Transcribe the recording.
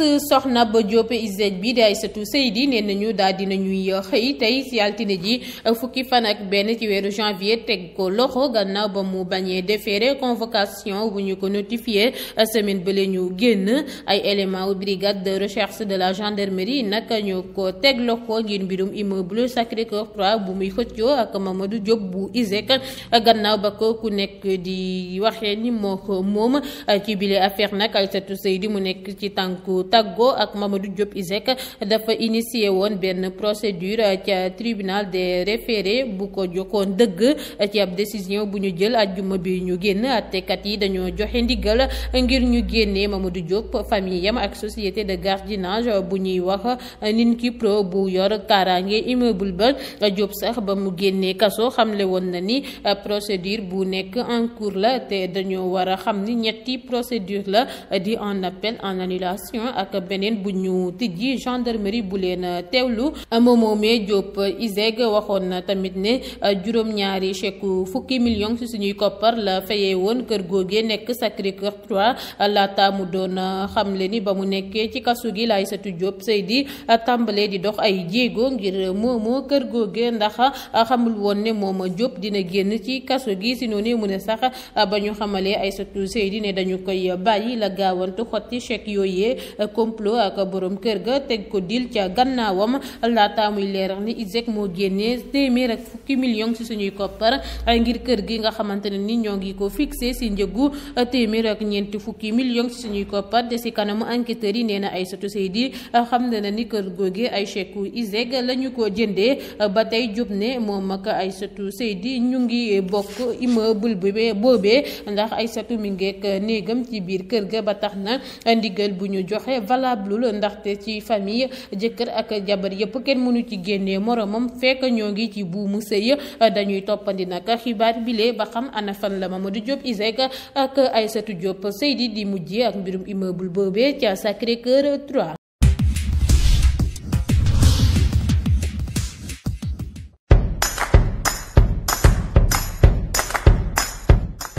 ex soxna ba Diop ISEG bi di Aïssatou Seydi nee nañu daal dina ñuy xëy tey ci ji fukki fan ak benn ci weeru janvier teg ko loxo gannaaw ba mu bañee déféré convocation bu ñu ko notifier semaine bële ñu génn ay éléments wu brigade de recherche de la gendarmerie nag ñu ko teg loxo ngir mbirum immeuble Sacré-Cœur bu muy xëccoo ak Mamadou Diop bu ISEG gannaaw ba ko ku nekk di waxee ni moo ko moom ci bile affaire nag Aïssatou Seydi mu nekk ci tànku tàggoo ak Mamadou Diop ISEC dafa initié woon benn procédure ca tribunal des référés bu ko jokkoon dëgg ci ab décision bu ñu jël ajjuma bi ñu génn àttekat yi dañoo joxe ndigal ngir ñu génnee Mamadou Diop famille yam ak société de gardiennage bu ñuy wax Ninki Pro bu yor kaaraange immeuble ba Diop sax ba mu génnee kaso xamle woon na ni procédure bu nekk en cours la te dañoo war a xam ni ñetti procédure la di en appel en annulation ak beneen bu ñu tijji gendarmerie bu leen teewlu moom moomee Diop ISEG waxoon na tamit ne juróom-ñaari chèque fukki million ci suñuy koppar la fayee woon kër googee nekk Sacré-Cœur 3 laata mu doon xamle ni ba mu nekkee ci kasu gi laay satu Diop Seydi tàmbalee di dox ay jéego ngir moomoo kër googee ndax xamul woon ne moom a Diop dina génn ci kaso gi si noonu mu ne sax ba ñu xamalee ay satu Seydi ne dañu koy bàyyi la gaawantu xotti chèque yooyee complot ak borom kër ga teg ko dil ca gannaawam laata muy leeral ni ISEG moo génnee téeméer ak fukki million ci suñuy koppar ngir kër gi nga xamante ne ni ñoo ngi ko fixé ci njëgu téeméer ak ñeenti fukki million ci suñuy koppar te ci kanamu enquêteurs yi nee na Aïssatou Seydi xam na ni kër googe ay chèque ISEG lañu ñu ko jëndee ba tey jub ne moom ak Aïssatou Seydi ñu ngi bokk immeuble bi boobee ndax ay mi ngeek néegam ci biir kër ga ba tax na ndigal joxe valable ndaxte ci famille jëkkër ak jabar yëpp kenn mënu ci génnee moromam fekk ñoo ngi ci buumu sëy dañuy toppandi nag xibaar bile ba xam ana fan la Mamadou Diop Iseg ak Aïssatou Diop Seydi di mujje ak mbirum immeuble boobee ca Sacré-Cœur 3